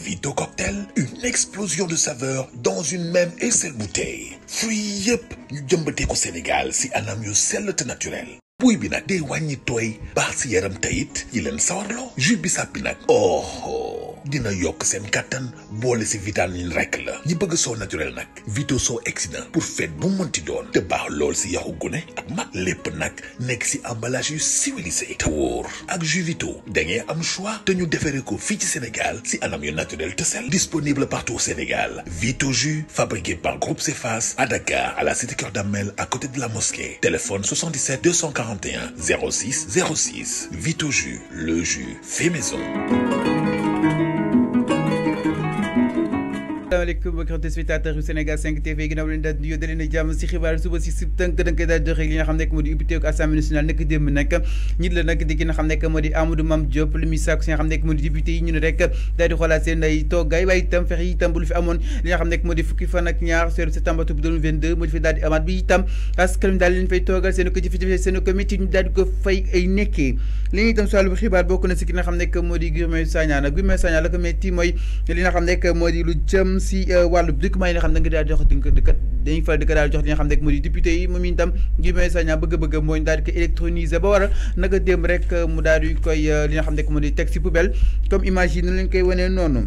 Vito Cocktail, une explosion de saveurs dans une même et seule bouteille Free yep, nous ñu au ko Sénégal si anam yu sell naturel buy bi nag day wàññi tooy baax si yaram tayit yi leen sawarloo jus bissap oh. oh dina yok sen katan boole si vitamine rek la ñi bëgg so naturel nak vito so accident pour fête bu monti doon te baax lol si yaxu gune ak ma lepp nak nekk si emballage civilisé tour ak jus vito da am choix te ñu déféré ko fi ci Sénégal si anam yu naturel te sel disponible partout au Sénégal vito jus fabriqué par Groupe Cefas à Dakar à la cité cœur Damel à côté de la mosquée téléphone 77 241 06 06 vito jus le jus fait maison alaykum asalaamaaleykum mbokki spectateur yu Sénégal 5 TV ginnaaw leen da ñu daleen a jàmm si xibaar suba si si tënk dañ koy daal joxe li nga xam nekk modi député ak assemblée nationale nek dem nag nit la nak di ki nga xam nekk moo Amadou mam Diop limi sax sàkku nga xam nekk modi député yi ñu rek da di xoolaat seen ay toogaay waaye itam fexe tam bu fi amone li nga xam nekk modi fukki fan ak ñaar seeru septembre 2022 modi fi da di amat bi tam askan dal daal leen fay togal seen ko jafe-jafe seen ko métti ñu daal di ko fay ay nekkee li ñi tam si wàllu xibaar bokku na ci nga xam nekk modi di sañana Marius Sagna la ko metti moy li nga xam nekk modi lu jëm si walu dëkk may nga xam da nga daal jox dëkk dëkk dañu fa dëkk daal jox nga xam rek mu di député yi momi tam ngi may saña bëgg bëgg moy daal ke électroniser ba wara naka dem rek mu daal yu koy li nga xam rek mu di taxi poubelle comme imagine lañ koy wone nonu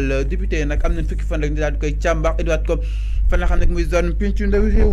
Sénégal euh, député nak am nañ fukki fan rek ñu daal di koy càmbar Edouard Cob fan la xam nak muy zone pinchu ndaw réew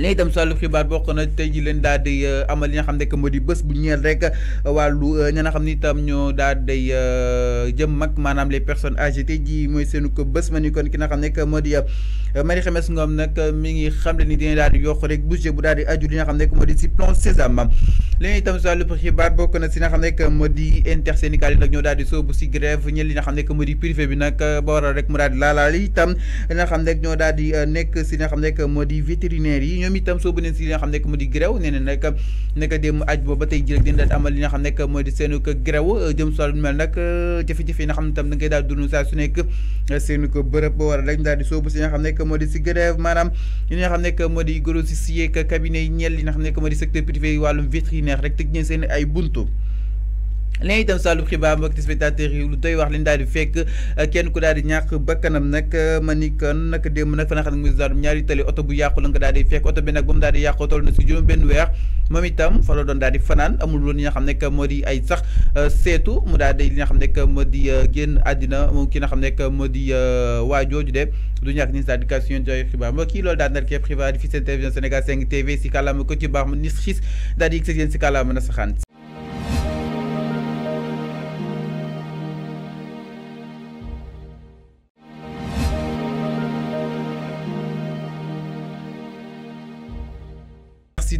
dem itam sàllu xibaar bokk na tey ji leen daal di euh, amal li na xam ne que moo di bés bu ñeel rek euh, wàllu euh, ñi nga xam ni itam ñoo daal di jëm mag maanaam les personnes âgées tey ji mooy seenu ko bés ma ni kon ki na xam ne que moo di Marie Xemes Ngom nag mi ngi xam le ni dina daal di yokk rek budget bu daal di aju li nga xam ne que moo di si plan Sésame léegi itam si wàllu xibaar bokk na si nga xam ne que moo di intersyndical yi nag ñoo daal di soobu si grève ñen li nga xam ne que moo di privé bi nag ba waral rek mu daal xam nekk si nga ko bërëb ba waral rek ñu daal di soobu si nga xam ne que si grève maanaam li nga xam ne que moo di grossiste yeeg yi ñeel xam ne que secteur privé yi wàllum neex rek tëj nañ seen ay buntu léegi itam sàllu xibaar mbokk téléspectateurs yi lu doy wax leen daal di fekk euh, kenn ku daal di ñàkk bakkanam nag euh, ma ni kon nag démb nag fa nga xam ne muy Saloum ñaari tali oto bu yàqu la nga daal di fekk oto bi nag ba mu daal di yàqu toll na si juróom benn weer moom itam fa la doon daal di fanaan amul woon li nga xam ne moo di ay sax euh, seetu mu daal di li nga xam ne moo di génn àddina moom ki nga xam ne moo di waa jooju de du ñàkk ni daal di kat suñu joy xibaar mbokk yi loolu daal nar képp xibaar di fi seen télévision Sénégal 5 TV si kàllaama ko ci baax ma nis xiis daal di yëg si yéen si kàllaama na saxaan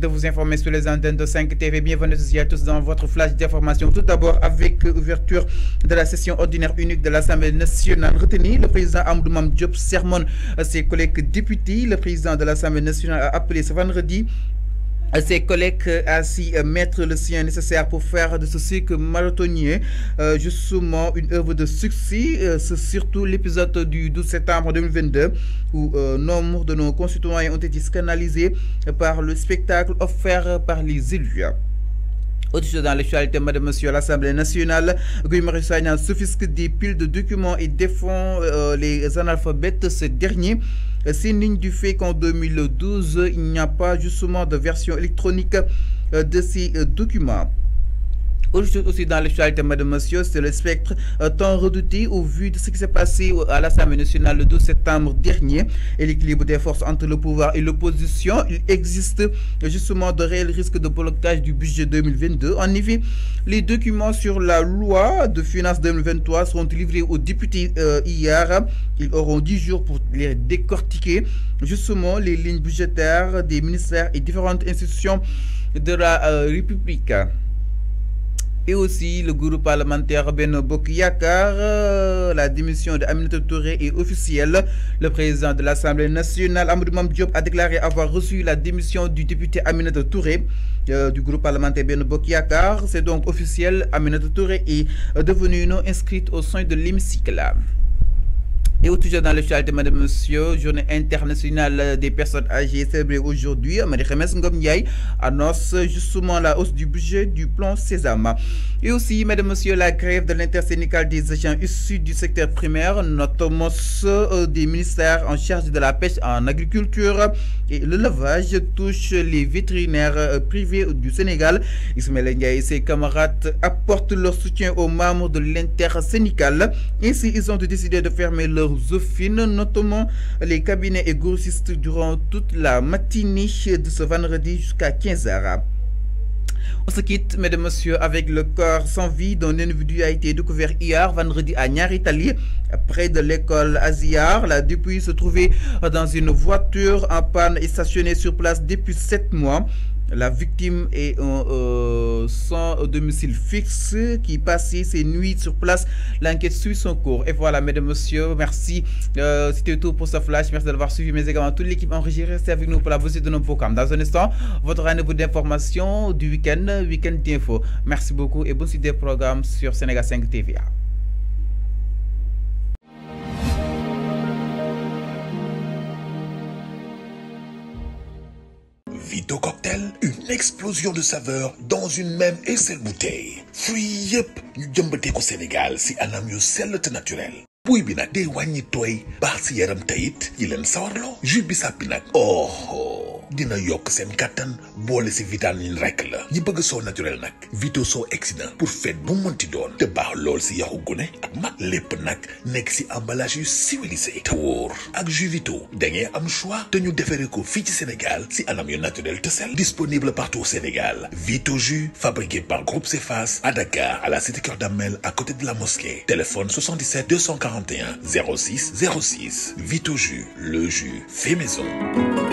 de vous informer sur les antennes de 5 TV. Bienvenue à tous dans votre flash d'information. Tout d'abord, avec l'ouverture de la session ordinaire unique de l'Assemblée nationale retenue, le président Amadou Diop sermonne à ses collègues députés. Le président de l'Assemblée nationale a appelé ce vendredi ses collègues ainsi euh, euh, mettre le sien nécessaire pour faire de ce cycle marathonnier euh, justement une œuvre de succès. C'est surtout l'épisode du 12 septembre 2022 où nombre de nos concitoyens ont été scandalisés par le spectacle offert par les élus. Au-dessus Au-dessus dans l'actualité, madame, monsieur, l'Assemblée nationale, Guy Sagnan suffisque des piles de documents et défend euh, les analphabètes. Ce dernier ligne du fait qu'en 2012, il n'y a pas justement de version électronique euh, de ces euh, documents aussi dans l'actualité, madame, monsieur, c'est le spectre euh, tant redouté au vu de ce qui s'est passé à l'Assemblée nationale le 12 septembre dernier et l'équilibre des forces entre le pouvoir et l'opposition. Il existe justement de réels risques de blocage du budget 2022. En effet, les documents sur la loi de finances 2023 seront livrés aux députés euh, hier. Ils auront 10 jours pour les décortiquer. Justement, les lignes budgétaires des ministères et différentes institutions de la euh, République et aussi le groupe parlementaire Beno Yakar. Euh, la démission de Aminata Touré est officielle. Le président de l'Assemblée nationale, Amadou Mamdiop, a déclaré avoir reçu la démission du député Aminata Touré euh, du groupe parlementaire Beno Bokyakar. C'est donc officiel. Aminata Touré est euh, devenue non inscrite au sein de l'hémicycle. Et toujours dans le de madame, monsieur, journée internationale des personnes âgées célébrée aujourd'hui, marie annonce justement la hausse du budget du plan Sésama. Et aussi, madame, monsieur, la grève de l'intersyndicale des agents issus du secteur primaire, notamment ceux des ministères en charge de la pêche en agriculture et le lavage, touche les vétérinaires euh, privés du Sénégal. Ismaël Ndiaye et ses camarades apportent leur soutien aux membres de l'intersyndicale. Ainsi, ils ont décidé de fermer leur notamment les cabinets et durant toute la matinée de ce vendredi jusqu'à 15h. On se quitte, mesdames, et messieurs, avec le corps sans vie d'un individu a été découvert hier, vendredi, à Italie, près de l'école Aziar. La dépouille se trouvait dans une voiture en panne et stationnée sur place depuis sept mois. La victime est un, euh, sans euh, domicile fixe qui passait ses nuits sur place. L'enquête suit son cours. Et voilà, mesdames, messieurs, merci. Euh, C'était tout pour ce flash. Merci d'avoir suivi, mais également toute l'équipe enregistrée. Restez avec nous pour la visite de nos programmes. Dans un instant, votre rendez-vous d'information du week-end, week-end d'info. Merci beaucoup et bonne suite des programmes sur Sénégal 5 TVA. explosion de saveur dans une même et seule bouteille fruits yep you ñu Sénégal si anam yu sel naturel Pouille bi nag day wàññi si yaram tayit yi Il bi oh, oh dina yok sen katan bolé ci vitamine rek la ñi bëgg so naturel nak vito soo pour fête bu monti doon te baax lool si yahu gune ak mag lépp nekk si emballage civilisé te wóor ak jus vito da am choix te ñu defaree ko fi ci Sénégal si anam yu naturel te sel disponible partout au Sénégal vito fabriqué par Groupe Cefas à Dakar à la cité Keur Damel à côté de la mosquée téléphone 77 241 06 06 vito jus le jus fait maison